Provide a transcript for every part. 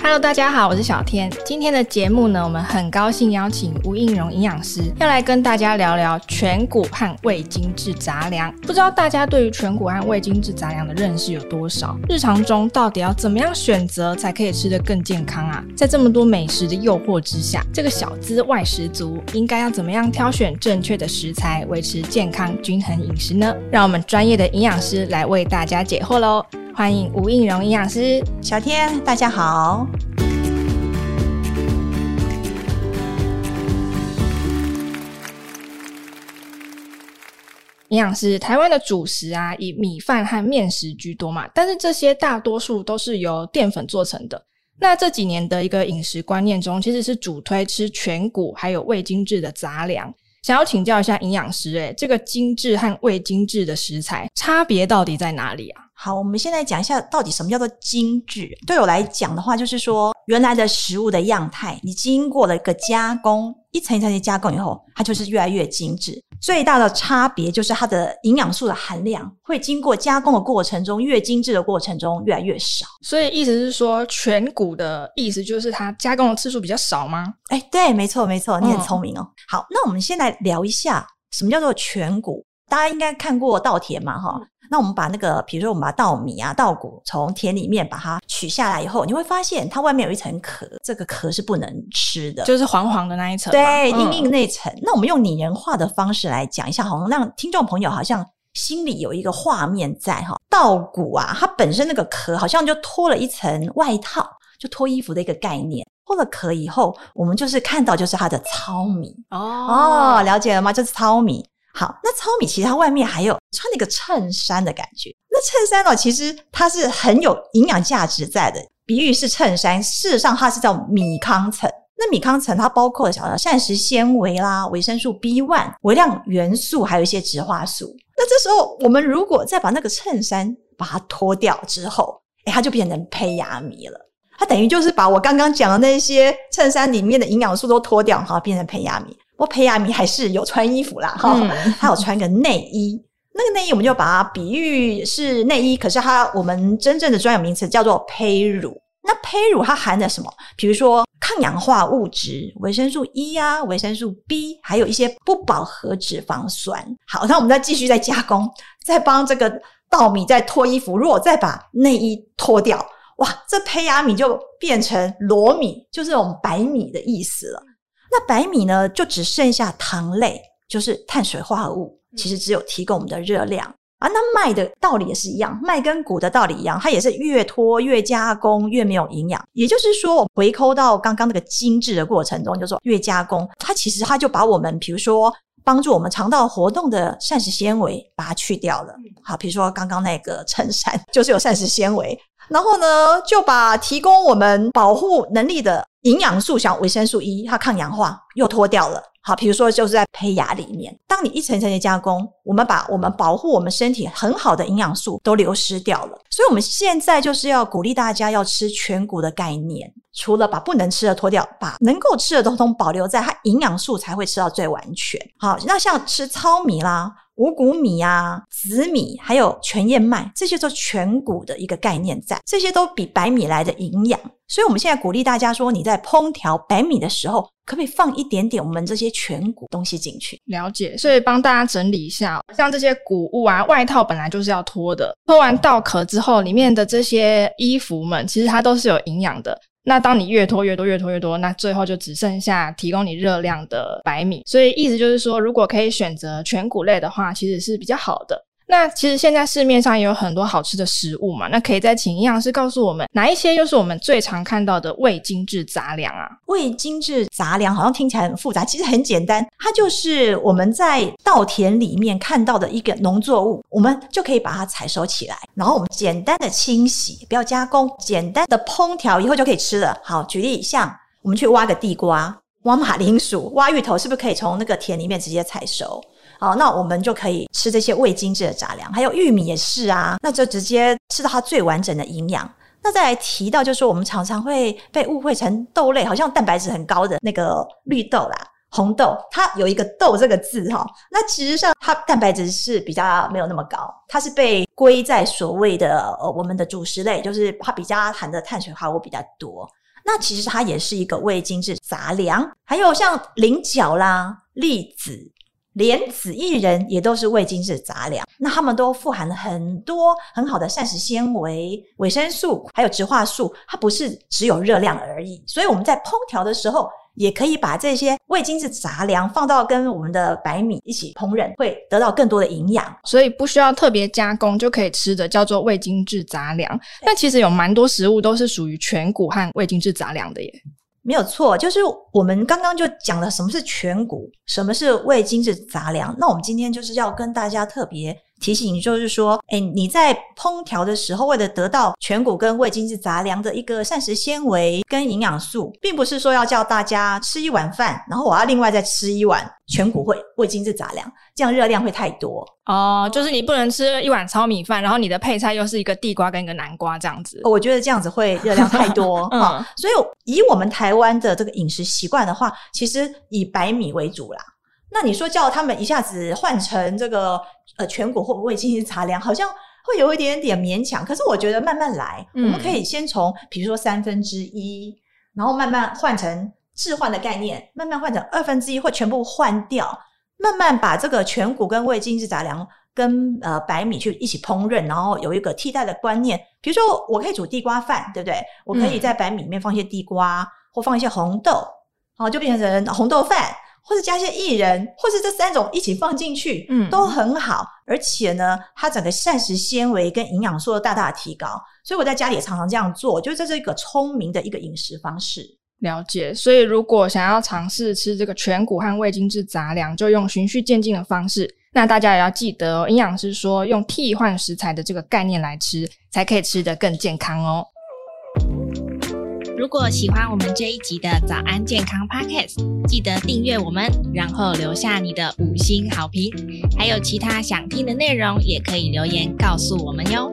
Hello，大家好，我是小天。今天的節目呢，我們很高興邀請吳映蓉營養師，要來跟大家聊聊全穀和未精製雜糧。不知道大家對於全穀和未精製雜糧的認識有多少？日常中到底要怎麼樣選擇才可以吃得更健康啊？在這麼多美食的誘惑之下，這個小資外食族應該要怎麼樣挑選正確的食材，維持健康均衡飲食呢？讓我們專業的營養師來為大家解惑嘍。歡迎吳映蓉營養師。小天，大家好。營養師，台灣的主食啊，以米飯和麵食居多嘛，但是這些大多數都是由澱粉做成的。那這幾年的一個飲食觀念中，其實是主推吃全穀還有未精製的雜糧。想要請教一下營養師，欸，哎，這個精製和未精製的食材差別到底在哪裡啊？好，我們現在講一下到底什麼叫做精製。對我來講的話，就是說原來的食物的樣態，你經過了一個加工，一層一層的加工以後，它就是越來越精製。最大的差別就是它的營養素的含量，會經過加工的過程中，越精製的過程中越來越少。所以意思是說，全穀的意思就是它加工的次數比較少嗎？哎、欸，對，沒錯，沒錯，你很聰明哦、嗯。好，那我們先來聊一下什麼叫做全穀。大家應該看過稻田嘛，哈。那我們把那個，比如說我們把稻米啊、稻穀從田裡面把它取下來以後，你會發現它外面有一層殼，這個殼是不能吃的，就是黃黃的那一層，對、嗯、硬硬那一層。那我們用擬人化的方式來講一下，好像讓聽眾朋友好像心裡有一個畫面在哈，、哦。稻穀啊，它本身那個殼好像就脫了一層外套，就脫衣服的一個概念。脫了殼以後，我們就是看到就是它的糙米哦，哦，了解了嗎？就是糙米。好，那糙米其實它外面還有穿了一個襯衫的感覺。那襯衫哦，其實它是很有營養價值在的。比喻是襯衫，事實上它是叫米糠層。那米糠層它包括了小小的膳食纖維啦、維生素 B one、微量元素，還有一些植化素。那這時候我們如果再把那個襯衫把它脫掉之後，哎，它就變成胚芽米了。它等於就是把我剛剛講的那些襯衫裡面的營養素都脫掉，哈，變成胚芽米。我不過胚芽米還是有穿衣服啦，哈、嗯，它、哦、有穿個內衣、嗯。那個內衣我們就把它比喻是內衣，可是它我們真正的專有名詞叫做胚乳。那胚乳它含的什麼？比如說抗氧化物質、維生素 E 啊、維生素 B，還有一些不飽和脂肪酸。好，那我們再繼續再加工，再幫這個稻米再脫衣服。如果再把內衣脫掉，哇，這胚芽米就變成裸米，就是這種白米的意思了。那白米呢，就只剩下糖類，就是碳水化合物，其實只有提供我們的熱量、嗯、啊。那麥的道理也是一樣，麥跟穀的道理一樣，它也是越脫越加工越沒有營養。也就是說，我回扣到剛剛那個精製的過程中，就是、說越加工，它其實它就把我們比如說幫助我們腸道活動的膳食纖維把它去掉了。好，比如說剛剛那個襯衫，就是有膳食纖維。然後呢，就把提供我們保護能力的營養素，像維生素 E，它抗氧化又脫掉了。好，比如說就是在胚芽裡面，當你一層層的加工，我們把我們保護我們身體很好的營養素都流失掉了。所以我們現在就是要鼓勵大家要吃全穀的概念，除了把不能吃的脫掉，把能夠吃的都通通保留，在它營養素才會吃到最完全。好，那像吃糙米啦、五穀米啊，紫米，還有全燕麥，這些做全穀的一個概念在，這些都比白米來的營養。所以，我們現在鼓勵大家說，你在烹調白米的時候，可不可以放一點點我們這些全穀東西進去？了解，所以幫大家整理一下，像這些穀物啊，外套本來就是要脫的，脫完稻殼之後，裡面的這些衣服們，其實它都是有營養的。那當你越拖越多，越拖越多，那最後就只剩下提供你熱量的白米。所以意思就是說，如果可以選擇全谷類的話，其實是比較好的。那其實現在市面上也有很多好吃的食物嘛，那可以再請營養師告訴我們哪一些又是我們最常看到的未精製雜糧啊？未精製雜糧好像聽起來很複雜，其實很簡單，它就是我們在稻田裡面看到的一個農作物，我們就可以把它採收起來，然後我們簡單的清洗，不要加工，簡單的烹調以後就可以吃了。好，舉例像我們去挖個地瓜、挖馬鈴薯、挖芋頭，是不是可以從那個田裡面直接採收？好，那我們就可以吃這些未精製的雜糧，還有玉米也是啊。那就直接吃到它最完整的營養。那再來提到，就是說我們常常會被誤會成豆類，好像蛋白質很高的那個綠豆啦、紅豆，它有一個豆這個字哈。那其實上它蛋白質是比較沒有那麼高，它是被歸在所謂的呃我們的主食類，就是它比較含的碳水化合物比較多。那其實它也是一個未精製雜糧，還有像菱角啦、栗子，蓮子、薏仁也都是未精製雜糧，那他們都富含了很多很好的膳食纖維、維生素，還有植化素，它不是只有熱量而已。所以我們在烹調的時候，也可以把這些未精製雜糧放到跟我們的白米一起烹飪，會得到更多的營養。所以不需要特別加工就可以吃的，叫做未精製雜糧。但其實有蠻多食物都是屬於全穀和未精製雜糧的耶。沒有錯，就是我們剛剛就講了什麼是全穀，什麼是未精製雜糧。那我們今天就是要跟大家特別提醒就是說，誒、欸、你在烹調的時候，為了得到全谷跟未精製雜糧的一個膳食纖維跟營養素，並不是說要叫大家吃一碗飯，然後我要另外再吃一碗全谷或未精製雜糧，這樣熱量會太多哦、呃。就是你不能吃一碗糙米飯，然後你的配菜又是一個地瓜跟一個南瓜這樣子，我覺得這樣子會熱量太多啊、 嗯哦。所以以我們台灣的這個飲食習慣的話，其實以白米為主啦。那你說叫他們一下子換成這個呃全穀或未精製雜糧好像會有一點點勉強，可是我覺得慢慢來，嗯、我們可以先從比如說三分之一，然後慢慢換成置換的概念，慢慢換成二分之一或全部換掉，慢慢把這個全穀跟未精製雜糧跟呃白米去一起烹飪，然後有一個替代的觀念，比如說我可以煮地瓜飯，對不對？我可以在白米裡面放一些地瓜或放一些紅豆，然後就變成紅豆飯。或者加些薏仁，或是這三種一起放進去，嗯，都很好。而且呢，它整個膳食纖維跟營養素都大大的提高，所以我在家裡也常常這樣做，就是這是一個聰明的一個飲食方式。了解。所以如果想要嘗試吃這個全穀和未精製雜糧，就用循序漸進的方式。那大家也要記得哦，營養師說用替換食材的這個概念來吃，才可以吃得更健康哦。如果喜歡我們這一集的早安健康 Podcast，記得訂閱我們，然後留下你的五星好評。還有其他想聽的內容，也可以留言告訴我們喲。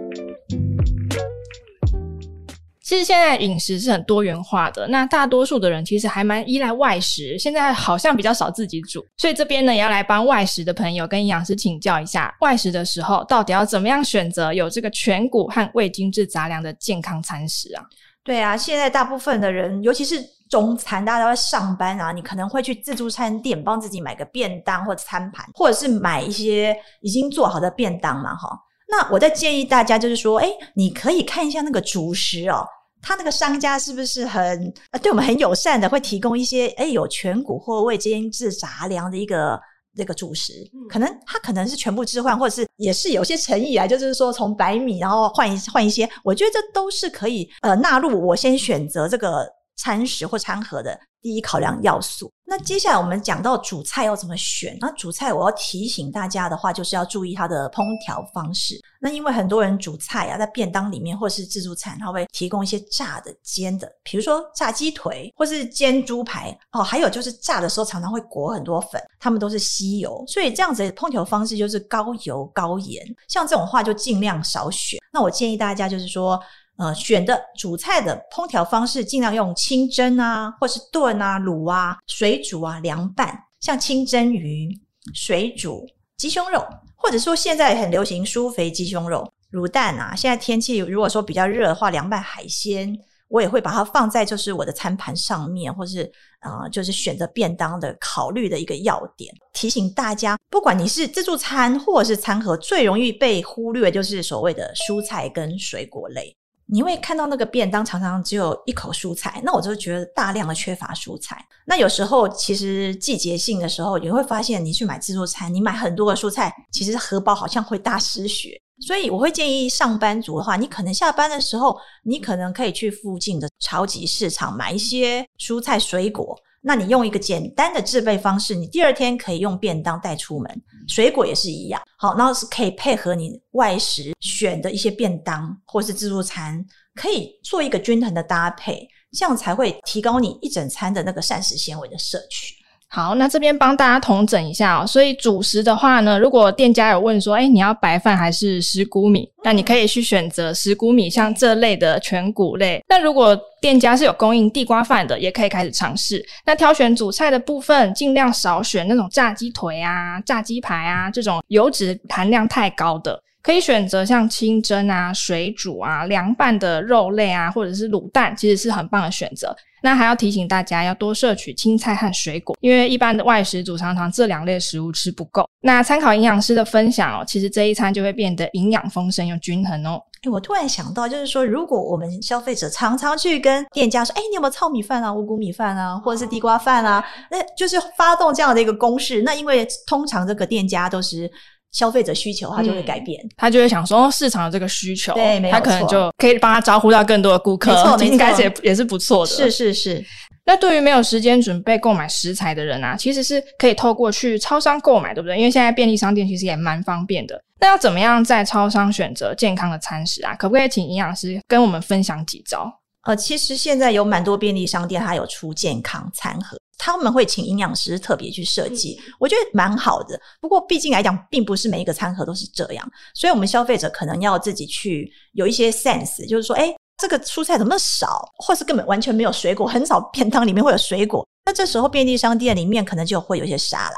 其實現在飲食是很多元化的，那大多數的人其實還蠻依賴外食，現在好像比較少自己煮。所以這邊呢，也要來幫外食的朋友跟營養師請教一下，外食的時候到底要怎麼樣選擇有這個全穀和未精製雜糧的健康餐食啊？對啊，現在大部分的人，尤其是中餐，大家都在上班啊，你可能會去自助餐店幫自己買個便當或餐盤，或者是買一些已經做好的便當嘛，哈。那我再建議大家，就是說，哎，你可以看一下那個主食哦，他那個商家是不是很對我們很友善的，會提供一些哎有全穀或未精製雜糧的一個。這個主食，可能它可能是全部置換，或者是也是有些誠意啊，就是說從白米，然後換一換一些，我覺得這都是可以呃納入我先選擇這個餐食或餐盒的第一考量要素。那接下來我們講到主菜要怎麼選，那主菜我要提醒大家的話，就是要注意它的烹調方式。那因為很多人主菜啊，在便當裡面或是自助餐，它會提供一些炸的、煎的，比如說炸雞腿或是煎豬排哦，還有就是炸的時候常常會裹很多粉，他們都是吸油，所以這樣子的烹調方式就是高油高鹽，像這種話就盡量少選。那我建議大家就是說。呃，選的主菜的烹調方式，盡量用清蒸啊，或是燉啊、滷啊、水煮啊、涼拌，像清蒸魚、水煮雞胸肉，或者說現在很流行舒肥雞胸肉、滷蛋啊。現在天氣如果說比較熱的話，涼拌海鮮，我也會把它放在就是我的餐盤上面，或是啊、呃，就是選擇便當的考慮的一個要點。提醒大家，不管你是自助餐或者是餐盒，最容易被忽略的就是所謂的蔬菜跟水果類。你會看到那個便當常常只有一口蔬菜，那我就覺得大量的缺乏蔬菜。那有時候其實季節性的時候，你會發現你去買自助餐，你買很多的蔬菜，其實荷包好像會大失血。所以我會建議上班族的話，你可能下班的時候，你可能可以去附近的超級市場買一些蔬菜水果。那你用一個簡單的制備方式，你第二天可以用便當帶出門，水果也是一樣。好，那是可以配合你外食選的一些便當或是自助餐，可以做一個均衡的搭配，這樣才會提高你一整餐的那個膳食纖維的攝取。好，那這邊幫大家統整一下哦。所以主食的話呢，如果店家有問說，哎、欸，你要白飯還是十穀米，那你可以去選擇十穀米，像這類的全谷類。那如果店家是有供應地瓜飯的，也可以開始嘗試。那挑選主菜的部分，儘量少選那種炸雞腿啊、炸雞排啊這種油脂含量太高的。可以選擇像清蒸啊、水煮啊、涼拌的肉類啊，或者是滷蛋，其實是很棒的選擇。那還要提醒大家，要多攝取青菜和水果，因為一般的外食主常常這兩類食物吃不夠。那參考營養師的分享哦，其實這一餐就會變得營養豐盛又均衡哦。欸，我突然想到，就是說，如果我們消費者常常去跟店家說，誒、欸，你有沒有糙米飯啊、五穀米飯啊，或者是地瓜飯啊，那就是發動這樣的一個攻勢。那因為通常這個店家都是消費者需求，他就會改變，嗯，他就會想說，哦，市場有這個需求，他可能就可以幫他招呼到更多的顧客，應該是也是不錯的，是是是。那對於沒有時間準備購買食材的人啊，其實是可以透過去超商購買，對不對？因為現在便利商店其實也蠻方便的。那要怎麼樣在超商選擇健康的餐食啊？可不可以請營養師跟我們分享幾招？呃，其實現在有蠻多便利商店，它有出健康餐盒。他們會請營養師特別去設計、嗯，我覺得蠻好的。不過畢竟來講，並不是每一個餐盒都是這樣，所以我們消費者可能要自己去有一些 sense，就是說，誒這個蔬菜怎麼那麼少，或是根本完全沒有水果，很少便當裡面會有水果。那這時候便利商店裡面可能就會有一些沙拉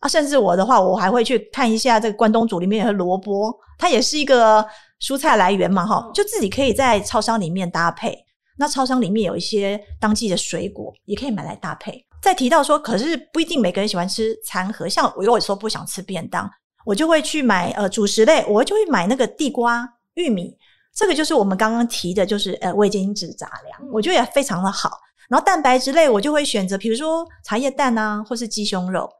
啊，甚至我的話，我還會去看一下這個關東煮裡面的蘿蔔，它也是一個蔬菜來源嘛，哈、嗯，就自己可以在超商裡面搭配。那超商裡面有一些當季的水果，也可以買來搭配。再提到說，可是不一定每個人喜歡吃餐盒，像我有時候不想吃便當，我就會去買呃主食類，我就會買那個地瓜、玉米，這個就是我們剛剛提的，就是呃未精製雜糧，我覺得也非常的好。然後蛋白質類，我就會選擇，比如說茶葉蛋啊，或是雞胸肉。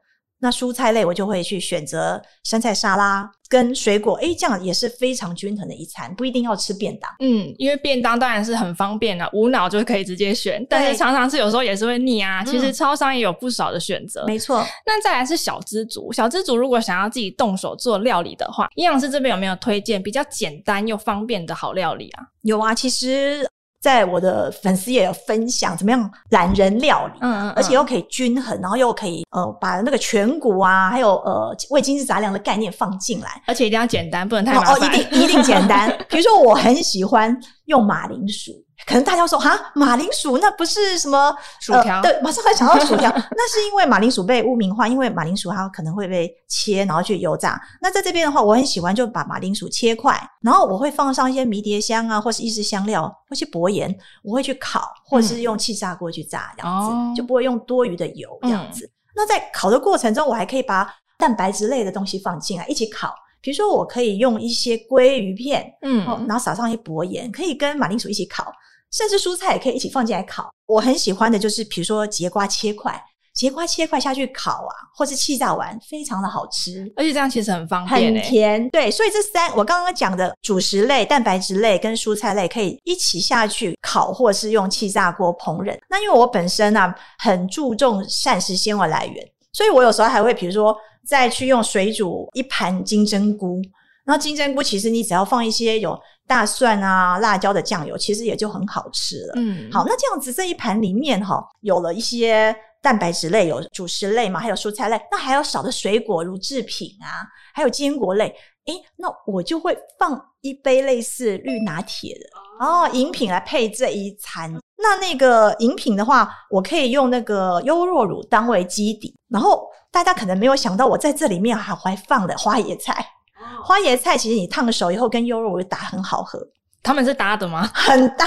那蔬菜類我就會去選擇生菜沙拉跟水果，哎、欸，這樣也是非常均衡的一餐，不一定要吃便當。嗯，因為便當當然是很方便了，啊，無腦就可以直接選，但是常常是有時候也是會膩啊，嗯。其實超商也有不少的選擇，沒錯。那再來是小資族，小資族如果想要自己動手做料理的話，營養師這邊有沒有推薦比較簡單又方便的好料理啊？有啊，其實。在我的粉絲也有分享，怎麼樣懶人料理？嗯，嗯嗯，而且又可以均衡，然後又可以呃把那個全穀啊，還有呃未精製雜糧的概念放進來，而且一定要簡單，不能太麻煩、哦。哦，一定一定簡單。 比如說，我很喜歡。用馬鈴薯，可能大家都說啊，馬鈴薯那不是什麼薯條、呃？對，馬上會想到薯條。 那是因為馬鈴薯被污名化，因為馬鈴薯它可能會被切，然後去油炸。那在這邊的話，我很喜歡就把馬鈴薯切塊，然後我會放上一些迷迭香啊，或是一些香料，或是薄鹽，我會去烤，或者是用氣炸鍋去炸、嗯、這樣子，就不會用多餘的油、嗯、這樣子。那在烤的過程中，我還可以把蛋白質類的東西放進來一起烤。比如說，我可以用一些鮭魚片，嗯，然後撒上一些薄鹽，可以跟馬鈴薯一起烤，甚至蔬菜也可以一起放進來烤。我很喜歡的就是，比如說櫛瓜切塊，櫛瓜切塊下去烤啊，或是氣炸完，非常的好吃。而且這樣其實很方便、欸，很甜。對，所以這三我剛剛講的主食類、蛋白質類跟蔬菜類可以一起下去烤，或是用氣炸鍋烹飪。那因為我本身呢、啊，很注重膳食纖維來源。所以我有時候還會比如說再去用水煮一盤金針菇，然後金針菇其實你只要放一些有大蒜啊、辣椒的醬油，其實也就很好吃了。嗯，好，那這樣子這一盤裡面哈，有了一些蛋白質類、有主食類嘛，還有蔬菜類，那還有少的水果乳製品啊，還有堅果類。哎、欸，那我就會放一杯類似綠拿鐵的哦，飲品來配這一餐。那那個飲品的話，我可以用那個優酪乳當為基底，然後大家可能沒有想到，我在這裡面還還放了花椰菜。花椰菜其實你燙熟以後跟優酪乳打很好喝，他們是搭的嗎？很搭，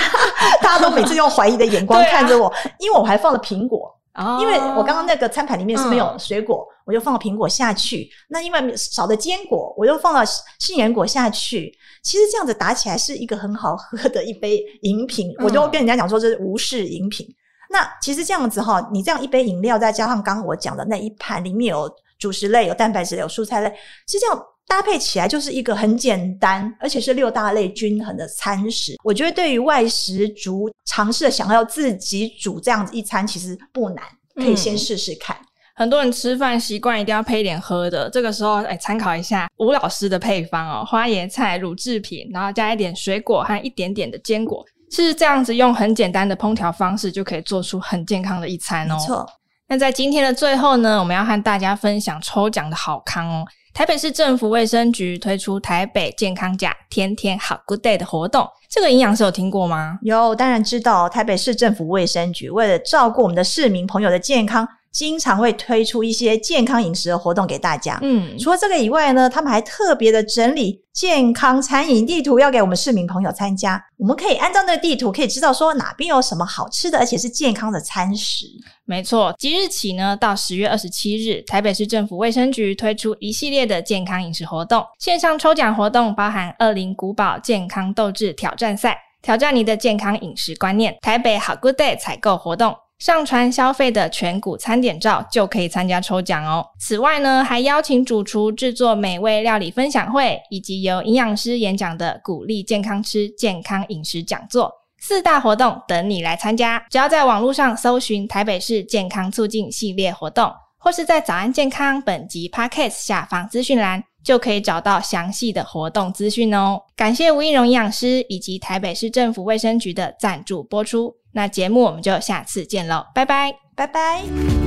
大家都每次用懷疑的眼光看着我、 啊，因為我還放了蘋果。因為我剛剛那個餐盤裡面是沒有水果，嗯、我就放了蘋果下去。那因為少的堅果，我又放了杏仁果下去。其實這樣子打起來是一個很好喝的一杯飲品，我就跟人家講說這是無視飲品，嗯。那其實這樣子哈，你這樣一杯飲料，再加上剛剛我講的那一盤裡面有主食類、有蛋白質類、有蔬菜類，是這樣。搭配起來就是一個很簡單，而且是六大類均衡的餐食。我覺得對於外食族嘗試想要自己煮這樣子一餐，其實不難，可以先試試看。嗯，很多人吃飯習慣一定要配一點喝的，這個時候哎，參考一下吳老師的配方哦：花椰菜、乳製品，然後加一點水果和一點點的堅果，是這樣子用很簡單的烹調方式就可以做出很健康的一餐哦。沒錯。那在今天的最後呢，我們要和大家分享抽獎的好康哦。台北市政府衛生局推出“台北健康呷，天天好穀 day” 的活動，這個營養師有聽過嗎？有，當然知道。台北市政府衛生局為了照顧我們的市民朋友的健康，經常會推出一些健康飲食的活動給大家。嗯，除了這個以外呢，他們還特別的整理健康餐飲地圖，要給我們市民朋友參加。我們可以按照那個地圖，可以知道說哪邊有什麼好吃的，而且是健康的餐食。沒錯，即日起呢，到十月二十七日，台北市政府衛生局推出一系列的健康飲食活動，線上抽獎活動包含二零古堡健康鬥智挑戰賽，挑戰你的健康飲食觀念；台北好穀 Day 採購活動。上傳消費的全穀餐點照就可以參加抽獎哦。此外呢，還邀請主廚製作美味料理分享會，以及由營養師演講的鼓勵健康吃、健康飲食講座，四大活動等你來參加。只要在網絡上搜尋“台北市健康促進系列活動”，或是在“早安健康”本集 podcast 下方資訊欄，就可以找到詳細的活動資訊哦。感謝吳映蓉營養師以及台北市政府衛生局的贊助播出。那節目我們就下次見嘍，拜拜，拜拜。